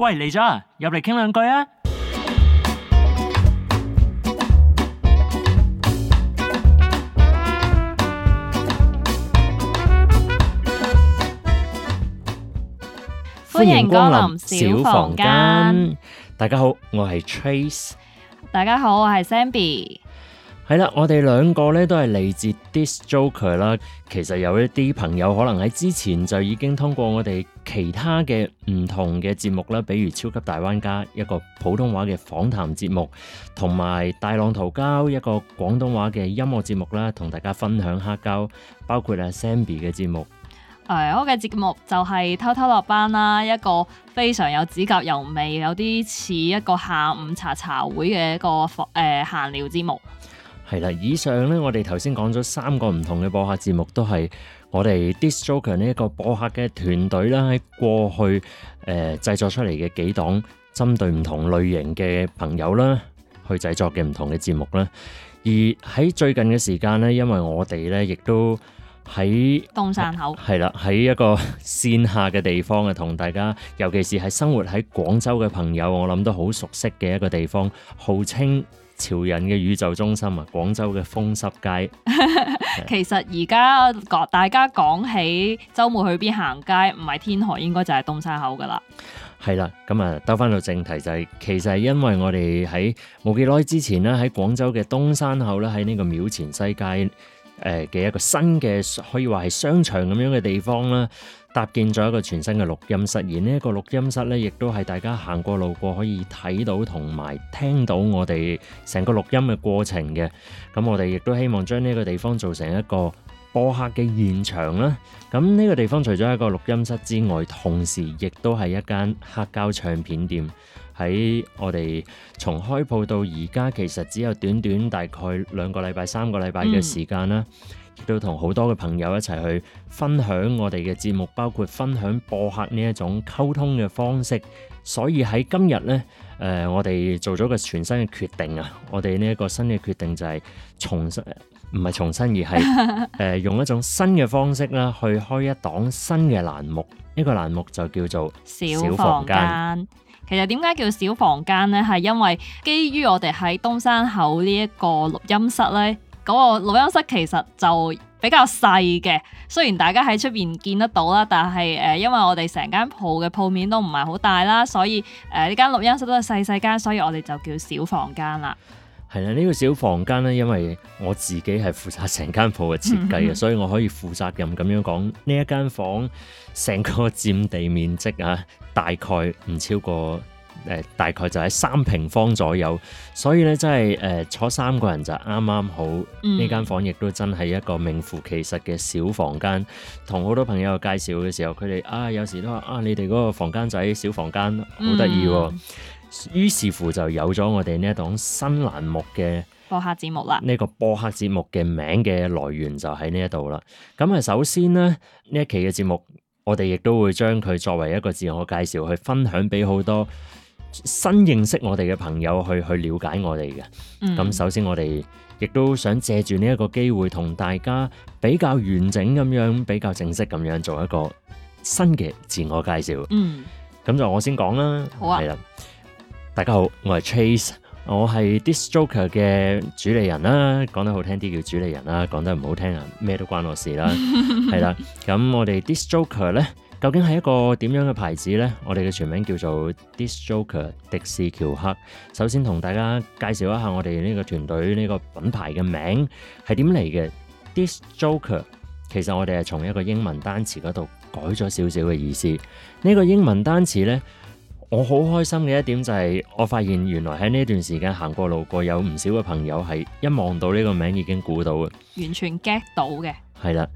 喂，嚟咗啊！入嚟傾兩句啊！歡迎光臨小房間。大家好，我係 Trace。大家好，我係 Zenbi。係啦，我哋兩個咧都係嚟自 DISC JOKER 啦。其實有一啲朋友可能喺之前就已經通過我哋其他嘅唔同嘅節目啦，比如《超級大灣家》一個普通話嘅訪談節目，同埋《大浪淘膠》一個廣東話嘅音樂節目啦，同大家分享黑膠，包括阿 Sammy 嘅節目。誒、呃，我嘅節目就係偷偷落班啦，一個非常有指甲油味，有啲似一個下午茶茶會嘅一個誒閒、呃、聊節目。係啦，以上咧，我哋頭先講咗三個唔同嘅播客節目，都係我哋 DISC JOKER 呢一個播客嘅團隊啦，喺過去誒、呃、製作出嚟嘅幾檔，針對唔同類型嘅朋友啦，去製作嘅唔同嘅節目啦。而喺最近嘅時間咧，因為我哋咧，亦都喺東山口係啦，喺、啊、一個線下嘅地方啊，同大家，尤其是係生活喺廣州嘅朋友，我諗都好熟悉嘅一個地方，號稱。潮人嘅宇宙中心啊！廣州嘅風濕街， 其實而家講大家講起周末去邊行街，唔係天河應該就係東山口噶啦。係啦，咁、嗯、啊，兜返到正題就係、是，其實係因為我哋喺冇幾耐之前咧，喺廣州嘅東山口咧，喺呢個廟前西街誒嘅、呃、一個新嘅可以話係商場咁樣嘅地方啦。搭建咗一個全新嘅錄音室，而呢個錄音室咧，亦都係大家行過路過可以睇到同埋聽到我哋成個錄音嘅過程嘅。咁、嗯、我哋亦都希望將呢個地方做成一個播客嘅現場啦。咁、嗯、呢個地方除咗一個錄音室之外，同時亦都係一間黑膠唱片店。喺我哋從開鋪到而家，其實只有短短大概兩個禮拜，三個禮拜嘅時間啦。嗯都同好多嘅朋友一齊去分享我哋嘅節目，包括分享播客呢一種溝通嘅方式。所以喺今日呢，誒、呃，我哋做咗個全新嘅決定啊！我哋呢一個新嘅決定就係重新，唔、呃、係重新，而係誒、 呃、用一種新嘅方式啦，去開一檔新嘅欄目。呢、呢個欄目就叫做小房間。房間其實點解叫小房間咧？係因為基於我哋喺東山口呢一個錄音室咧。嗰個錄音室其實就比較細嘅，雖然大家喺出邊見得到啦，但係誒、呃，因為我哋成間鋪嘅鋪面都唔係好大啦，所以誒呢、呃、間錄音室都係細細間，所以我哋就叫小房間啦。係啦，呢、呢個小房間咧，因為我自己係負責成間鋪嘅設計嘅， 所以我可以負責任咁樣講，呢一間房成個佔地面積啊，大概唔超過。誒大概就喺三平方左右，所以咧真係誒、呃、坐三個人就啱啱好呢間、嗯、房，亦都真係一個名副其實嘅小房間。同好多朋友介紹嘅時候，佢哋啊有時都話啊，你哋嗰個房間仔小房間好得意、哦。於、嗯、是乎就有咗我哋呢一檔新欄目嘅播客節目啦。呢個播客節目嘅名嘅來源就喺呢一度啦。咁啊，首先呢，呢一期嘅節目，我哋亦都會將佢作為一個自我介紹，去分享俾好多新認識我哋嘅朋友去去了解我哋嘅。咁、嗯、首先我哋亦都想借住呢一個機會同大家比較完整咁樣，比較正式咁樣做一個新嘅自我介紹。嗯，咁就我先講啦，係啦、啊，大家好，我係 Trace，我係 DISC JOKER 嘅主理人啦、啊，講得好聽啲叫主理人啦、啊，講得唔好聽啊，咩都關我事啦，係啦， 咁我哋 DISC JOKER 咧。究竟係一個點樣嘅牌子呢？我哋嘅全名叫做 DISC JOKER，迪士喬克。首先同大家介紹一下我哋呢個團隊呢個品牌嘅名係點嚟嘅。DISC JOKER 其實我哋係從一個英文單詞嗰度改咗少少嘅意思。呢、呢個英文單詞呢，我好開心嘅一點就係我發現原來喺呢段時間行過路過有唔少嘅朋友係一望到呢個名已經估到嘅，完全 get 到嘅。係啦，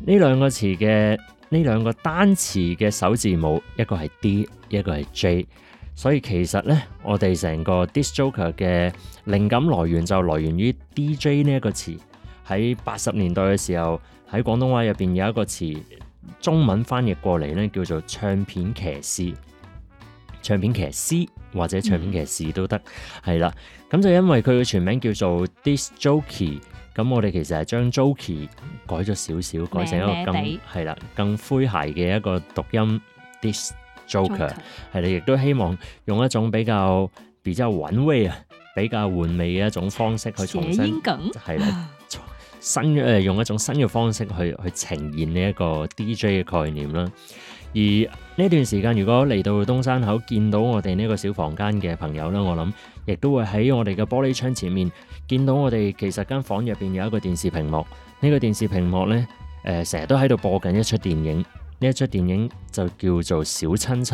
呢兩個詞嘅。呢兩個單詞嘅首字母，一個係 D，一個係 J，所以其實呢，我哋成個 DISC JOKER 嘅靈感來源就來源於 DJ 呢一個詞。喺八十年代嘅時候，喺廣東話入邊有一個詞，中文翻譯過嚟呢，叫做唱片騎師，唱片騎師或者唱片騎士都得。係啦、嗯，咁就因為佢嘅全名叫做 Disc Jockey。咁我哋其實係將 Joker 改咗少少，改成一個更詼諧嘅一個讀音，Disc Joker 係 Joker，哋亦都希望用一種比較比較玩味、比較玩味嘅一種方式去重新，係啦。新嘅用一種新嘅方式去去呈現呢一個 DJ 嘅概念啦。而呢段時間，如果嚟到東山口見到我哋呢個小房間嘅朋友啦，我諗亦都會喺我哋嘅玻璃窗前面見到我哋其實間房入邊有一個電視屏幕。呢個電視屏幕咧，誒成日都喺度播緊一出電影。呢一出電影就叫做《小親親》，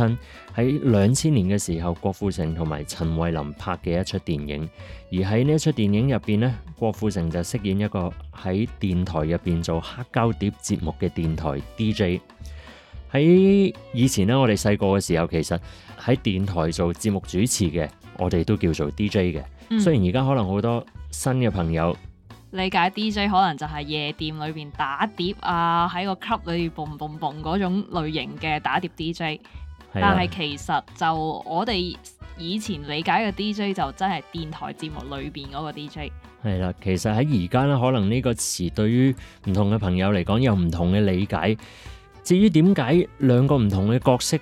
喺兩千年嘅時候，郭富城同埋陳慧琳拍嘅一出電影。而喺呢一出電影入邊呢，郭富城就飾演一個喺電台入邊做黑膠碟節目嘅電台 DJ。喺以前咧，我哋細個嘅時候，其實喺電台做節目主持嘅，我哋都叫做 DJ 嘅。嗯，雖然而家可能好多新嘅朋友。理解 DJ 可能就係夜店裏邊打碟啊，喺個 club 裏邊蹦 o o 嗰種類型嘅打碟 DJ，的但係其實就我哋以前理解嘅 DJ 就真係電台節目裏邊嗰個 DJ。係啦，其實喺而家咧，可能呢個詞對於唔同嘅朋友嚟講有唔同嘅理解。至於點解兩個唔同嘅角色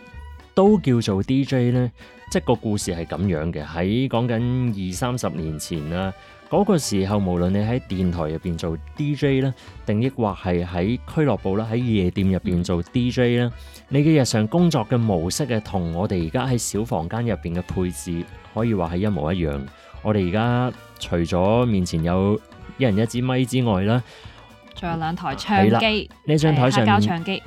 都叫做 DJ 呢？即係個故事係咁樣嘅，喺講緊二三十年前啦。嗰個時候，無論你喺電台入邊做 DJ 咧，定抑或係喺俱樂部啦，喺夜店入邊做 DJ 啦，你嘅日常工作嘅模式嘅同我哋而家喺小房間入邊嘅配置，可以話係一模一樣。我哋而家除咗面前有一人一支咪之外咧。仲有兩台唱機，呢張台上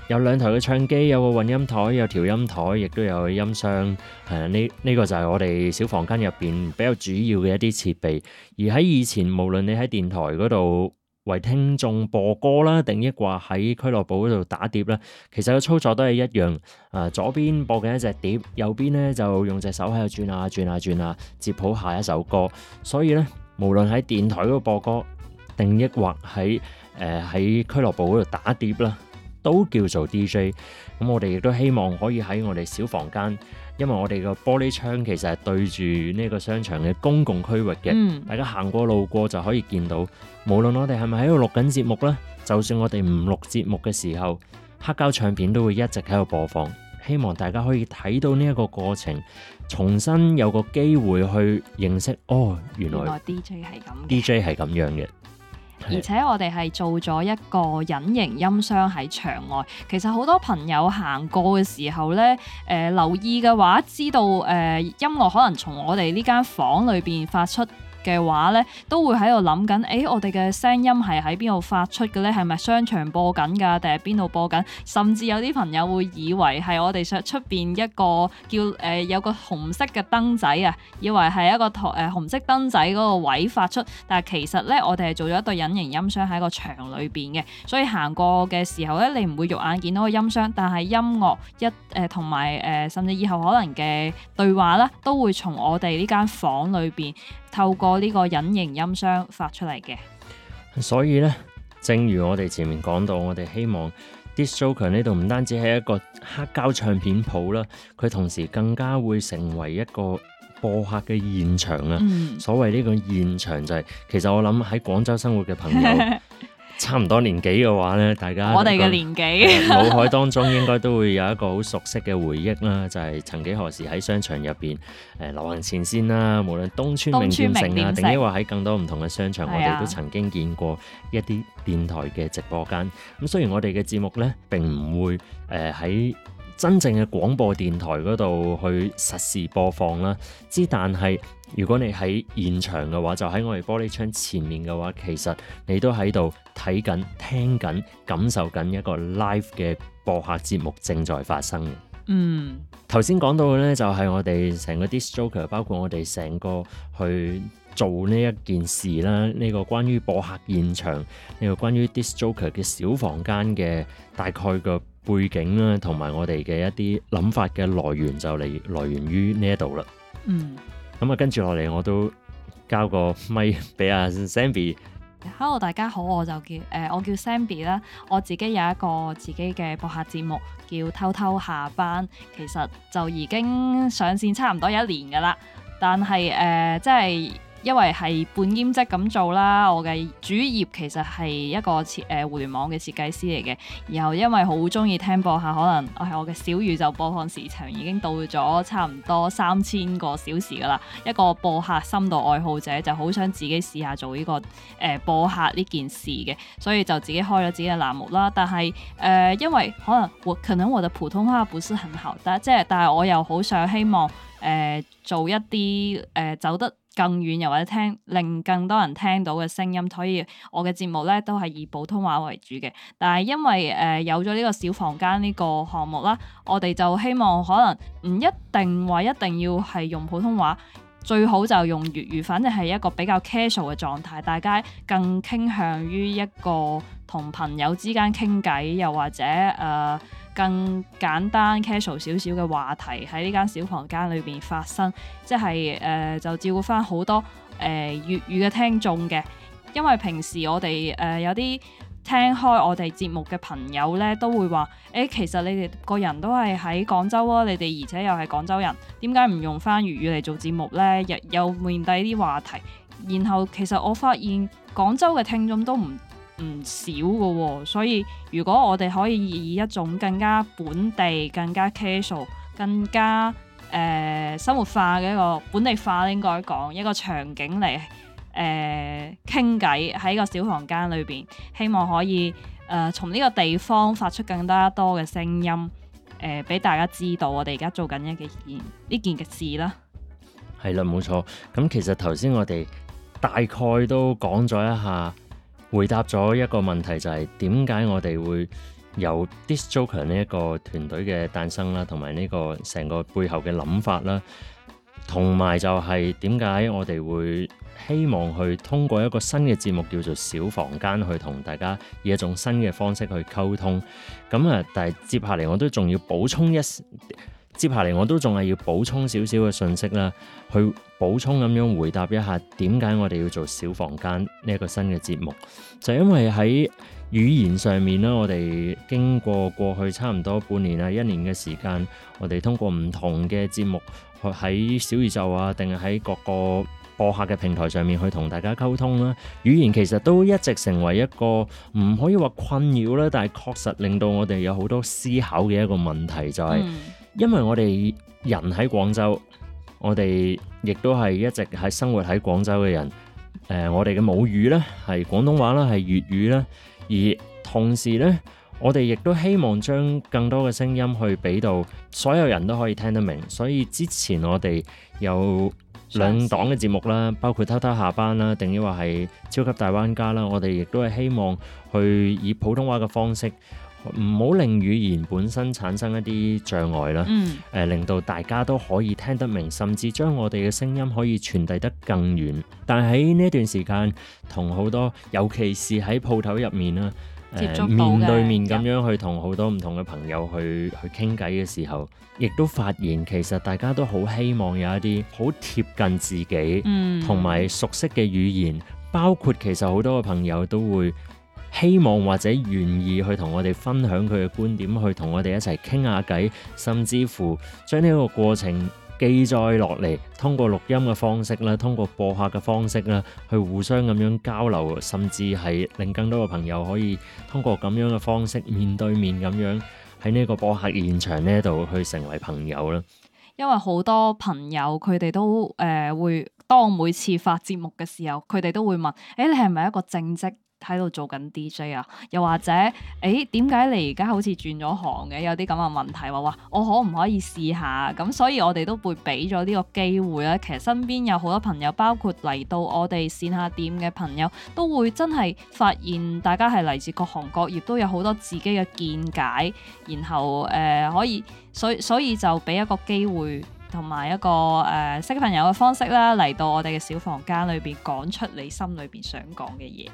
有兩台嘅唱機，有個混音台，有調音台，亦都有音箱。係呢呢個就係我哋小房間入面比較主要嘅一啲設備。而喺以前，無論你喺電台嗰度為聽眾播歌啦，定抑或喺俱樂部嗰度打碟呢，其實個操作都係一樣，呃。左邊播緊一隻碟，右邊呢就用隻手喺度轉啊轉啊轉啊，接好下一首歌。所以呢，無論喺電台嗰度播歌。定抑或喺誒喺俱樂部嗰度打碟啦，都叫做 DJ。咁我哋亦都希望可以喺我哋小房間，因為我哋個玻璃窗其實係對住呢個商場嘅公共區域嘅，嗯、大家行過路過就可以見到。無論我哋係咪喺度錄緊節目咧，就算我哋唔錄節目嘅時候，黑膠唱片都會一直喺度播放。希望大家可以睇到呢一個過程，重新有個機會去認識哦，原來，DJ 原來。DJ 係咁，DJ 係咁樣嘅。而且我哋係做咗一個隱形音箱喺場外，其實好多朋友行過嘅時候呢，誒、呃、留意嘅話，知道誒、呃、音樂可能從我哋呢間房裏邊發出。嘅話咧，都會喺度諗緊誒，我哋嘅聲音係喺邊度發出嘅咧？係咪商場播緊㗎？定係邊度播緊，甚至有啲朋友會以為係我哋上出邊一個叫誒、呃、有個紅色嘅燈仔啊，以為係一個台誒、呃、紅色燈仔個位發出。但係其實咧，我哋係做咗一對隱形音箱喺個牆裏邊嘅，所以行過嘅時候咧，你唔會肉眼見到個音箱，但係音樂一誒同埋誒，甚至以後可能嘅對話啦，都會從我哋呢間房裏邊透過。我呢個隱形音箱發出嚟嘅，所以咧，正如我哋前面講到，我哋希望 DISC JOKER 呢度唔單止係一個黑膠唱片鋪啦，佢同時更加會成為一個播客嘅現場啊！嗯、所謂呢個現場就係、是，其實我諗喺廣州生活嘅朋友。 差唔多年紀嘅話，呢大家、那個、我哋嘅年紀，腦、 呃、海當中應該都會有一個好熟悉嘅回憶啦、啊，就係、是、曾幾何時喺商場入邊，誒、呃、流行前線啦、啊，無論東村名店城啊，定抑或喺更多唔同嘅商場，啊、我哋都曾經見過一啲電台嘅直播間。咁、嗯、雖然我哋嘅節目呢並唔會誒喺。呃真正嘅廣播電台嗰度去實時播放啦，之但係如果你喺現場嘅話，就喺我哋玻璃窗前面嘅話，其實你都喺度睇緊、聽緊、感受緊一個 live 嘅播客節目正在發生嘅。嗯，頭先講到嘅咧，就係我哋成個 DISC JOKER，包括我哋成個去做呢一件事啦，呢、這個關於播客現場，呢、這個關於 DISC JOKER 嘅小房間嘅大概個背景啦，同埋我哋嘅一啲諗法嘅來源就嚟來，來源於呢一度啦。嗯。咁啊，跟住落嚟我都交個咪俾阿 Sammy。Hello，大家好，我就叫誒、呃，我叫 Sammy 啦。我自己有一個自己嘅播客節目叫偷偷下班，其實就已經上線差唔多一年㗎喇，但係誒，即、呃、係。因為係半兼職咁做啦，我嘅主業其實係一個設誒、呃、互聯網嘅設計師嚟嘅。然後因為好中意聽播客，可能、哎、我係我嘅小宇宙播放時長已經到咗差唔多三千個小時噶啦。一個播客深度愛好者就好想自己試下做呢、這個誒、呃、播客呢件事嘅，所以就自己開咗自己嘅欄目啦。但係誒、呃，因為可能，可能我其實我嘅普通話本身很好，得，即係但係我又好想希望誒、呃、做一啲誒、呃、走得。更遠又或者聽令更多人聽到嘅聲音，所以我嘅節目呢都係以普通話為主嘅。但係因為誒、呃、有咗呢個小房間呢個項目啦，我哋就希望可能唔一定話一定要係用普通話，最好就用粵語，反正係一個比較 casual 嘅狀態，大家更傾向於一個同朋友之間傾偈，又或者誒、呃更簡單 casual 少少嘅話題喺呢間小房間裏邊發生，即係誒、呃、就照顧翻好多誒、呃、粵語嘅聽眾嘅，因為平時我哋誒、呃、有啲聽開我哋節目嘅朋友咧，都會話，誒、欸、其實你哋個人都係喺廣州啊，你哋而且又係廣州人，點解唔用翻粵語嚟做節目呢？又又面對啲話題，然後其實我發現廣州嘅聽眾都唔唔少嘅喎、哦，所以如果我哋可以以一種更加本地、更加 casual、更加誒、呃、生活化嘅一個本地化應該講一個場景嚟誒傾偈喺一個小房間裏邊，希望可以誒從呢個地方發出更加多嘅聲音，誒、呃、俾大家知道我哋而家做緊一件呢件嘅事啦。係啦，冇錯。咁其實頭先我哋大概都講咗一下。回答咗一個問題，就係，就係點解我哋會有 DISC JOKER 呢一個團隊嘅誕生啦，同埋呢個成個背後嘅諗法啦，同埋就係點解我哋會希望去通過一個新嘅節目叫做《小房間》去同大家以一種新嘅方式去溝通。咁、嗯、啊，但係接下嚟我都仲要補充一。接下嚟我都仲係要補充少少嘅信息啦，去補充咁樣回答一下，點解我哋要做小房間呢一個新嘅節目？就係因為喺語言上面啦，我哋經過過去差唔多半年啊、一年嘅時間，我哋通過唔同嘅節目，去喺小宇宙啊，定係喺各個播客嘅平台上面去同大家溝通啦。語言其實都一直成為一個唔可以話困擾啦，但係確實令到我哋有好多思考嘅一個問題，就係，嗯。因為我哋人喺廣州，我哋亦都係一直喺生活喺廣州嘅人。誒、呃，我哋嘅母語呢，係廣東話啦，係粵語啦。而同時呢，我哋亦都希望將更多嘅聲音去俾到所有人都可以聽得明。所以之前我哋有兩檔嘅節目啦，包括偷偷下班啦，定抑或係超級大灣+啦，我哋亦都係希望去以普通話嘅方式。唔好令語言本身產生一啲障礙啦，誒、嗯呃、令到大家都可以聽得明，甚至將我哋嘅聲音可以傳遞得更遠。但喺呢段時間，同好多，尤其是喺鋪頭入面啦，呃、面對面咁樣去、嗯、同好多唔同嘅朋友去去傾偈嘅時候，亦都發現其實大家都好希望有一啲好貼近自己，同埋、嗯、熟悉嘅語言，包括其實好多嘅朋友都會，希望或者願意去同我哋分享佢嘅觀點，去同我哋一齊傾下偈，甚至乎將呢個過程記載落嚟，通過錄音嘅方式啦，通過播客嘅方式啦，去互相咁樣交流，甚至係令更多嘅朋友可以通過咁樣嘅方式面對面咁樣喺呢個播客現場呢度去成為朋友啦。因為好多朋友佢哋都誒、呃、會當每次發節目嘅時候，佢哋都會問：誒、欸、你係咪一個正職？喺度做緊 DJ 啊，又或者，誒，點解你而家好似轉咗行嘅？有啲咁嘅問題，話哇我可唔可以試下咁？所以我哋都會俾咗呢個機會啦。其實身邊有好多朋友，包括嚟到我哋線下店嘅朋友，都會真係發現大家係嚟自各行各業，都有好多自己嘅見解，然後誒、呃、可以，所以所以就俾一個機會同埋一個誒、呃、識朋友嘅方式啦，嚟到我哋嘅小房間裏邊講出你心裏邊想講嘅嘢。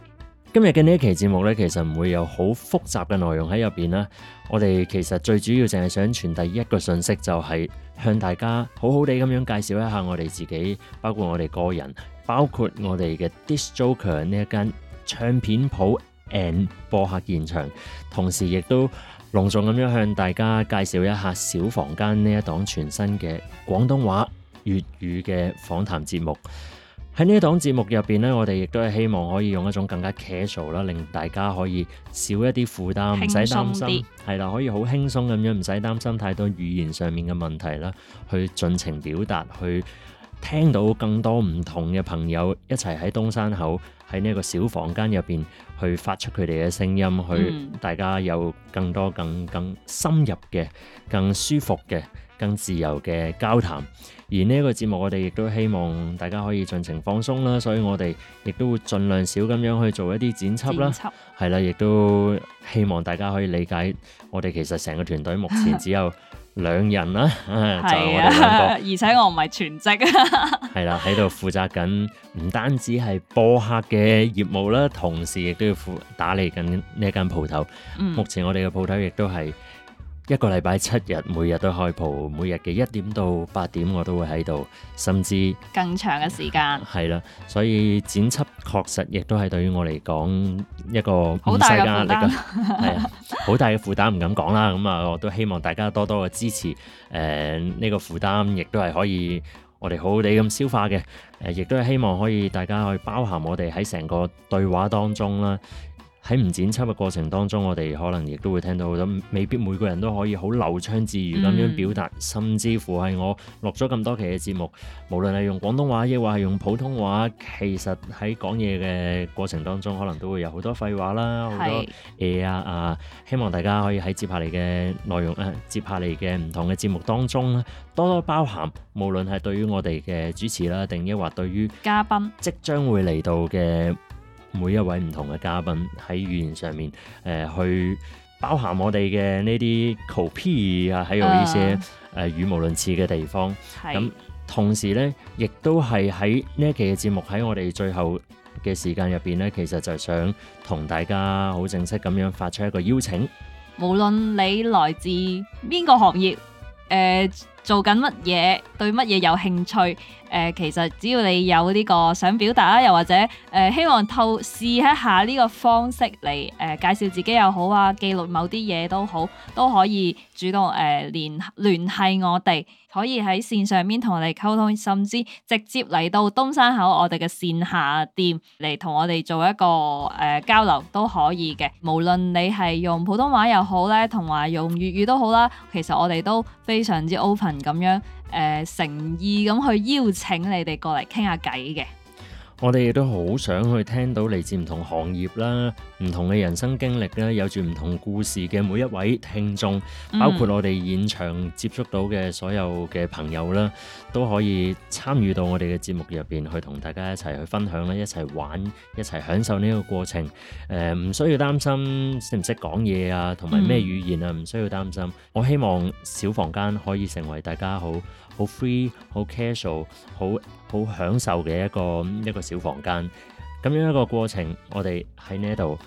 今日嘅呢一期節目咧，其實唔會有好複雜嘅內容喺入邊啦。我哋其實最主要淨係想傳遞一個信息，就係、是、向大家好好地咁樣介紹一下我哋自己，包括我哋個人，包括我哋嘅 DISC JOKER 呢一間唱片鋪，and 播客現場，同時亦都隆重咁樣向大家介紹一下小房間呢一檔全新嘅廣東話粵語嘅訪談節目。喺呢一檔節目入邊咧，我哋亦都係希望可以用一種更加 casual 啦，令大家可以少一啲負擔，唔使擔心，係啦，可以好輕鬆咁樣，唔使擔心太多語言上面嘅問題啦，去盡情表達，去聽到更多唔同嘅朋友一齊喺東山口喺呢個小房間入邊去發出佢哋嘅聲音，去大家有更多更更深入嘅、更舒服嘅、更自由嘅交談。而呢個節目我哋亦都希望大家可以盡情放鬆啦，所以我哋亦都會盡量少咁樣去做一啲剪輯啦，係啦，剪輯，亦都希望大家可以理解我哋其實成個團隊目前只有兩人啦， 就係我哋兩個 而且我唔係全職啊 是，係啦，喺度負責緊唔單止係播客嘅業務啦，同時亦都要負打理緊呢間鋪頭。嗯，目前我哋嘅鋪頭亦都係。一個禮拜七日，每日都開鋪，每日嘅一點到八點，我都會喺度，甚至更長嘅時間。係啦，所以剪輯確實亦都係對於我嚟講一個好大嘅壓力，係 啊，好大嘅負擔唔敢講啦。咁、嗯、啊，我都希望大家多多嘅支持。誒、呃，呢、這個負擔亦都係可以我哋好好地咁消化嘅。誒、呃，亦都係希望可以大家可以包含我哋喺成個對話當中啦。喺唔剪輯嘅過程當中，我哋可能亦都會聽到好多，未必每個人都可以好流暢自如咁樣表達，嗯、甚至乎係我錄咗咁多期嘅節目，無論係用廣東話亦或係用普通話，其實喺講嘢嘅過程當中，可能都會有好多廢話啦，好多嘢啊！是啊，希望大家可以喺接下嚟嘅內容啊，接下嚟嘅唔同嘅節目當中多多包涵，無論係對於我哋嘅主持啦，定抑或對於嘉賓即將會嚟到嘅。每一位唔同嘅嘉賓喺語言上面，誒、呃、去包涵我哋嘅呢啲 copy 啊，喺度呢些誒語無倫次嘅地方。咁是、嗯、同時咧，亦都係喺呢一期嘅節目喺我哋最後嘅時間入邊咧，其實就想同大家好正式咁樣發出一個邀請。無論你來自邊個行業，誒、呃。.做緊乜嘢？對乜嘢有興趣？誒、呃、其實只要你有呢個想表達啦，又或者誒、呃、希望透試一下呢個方式嚟誒、呃、介紹自己又好啊，記錄某啲嘢都好，都可以主動誒、呃、聯聯繫我哋，可以喺綫上面同我哋溝通，甚至直接嚟到東山口我哋嘅綫下店嚟同我哋做一個誒、呃、交流都可以嘅。無論你係用普通話又好咧，同埋用粵語都好啦，其實我哋都非常之 open。咁樣誒誠意咁去邀請你哋過嚟傾下偈嘅。我哋亦都好想去聽到嚟自唔同行業啦、唔同嘅人生經歷啦，有住唔同故事嘅每一位聽眾，包括我哋現場接觸到嘅所有嘅朋友啦，嗯、都可以參與到我哋嘅節目入邊去，同大家一齊去分享啦、一齊玩，一齊享受呢個過程。誒、呃，唔需要擔心識唔識講嘢啊，同埋咩語言啊，唔需要擔心。嗯、我希望小房間可以成為大家好好 free、好 casual 很、好好享受嘅一個一個小房間，咁樣一個過程，我哋喺呢度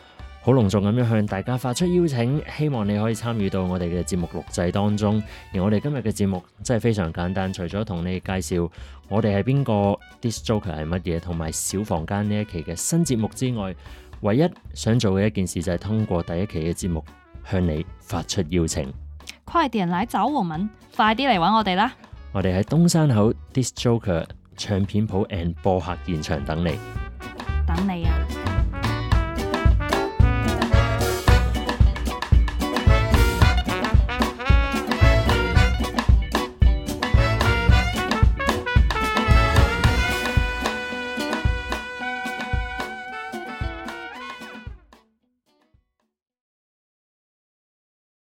好隆重咁樣向大家發出邀請，希望你可以參與到我哋嘅節目錄製當中。而我哋今日嘅節目真係非常簡單，除咗同你介紹我哋係邊個，DISC JOKER 係乜嘢，同埋小房間呢一期嘅新節目之外，唯一想做嘅一件事就係通過第一期嘅節目向你發出邀請。快啲嚟找黃敏，快啲嚟揾我哋啦！我哋喺東山口 DISC JOKER 唱片鋪 and 播客現場等你，等你啊。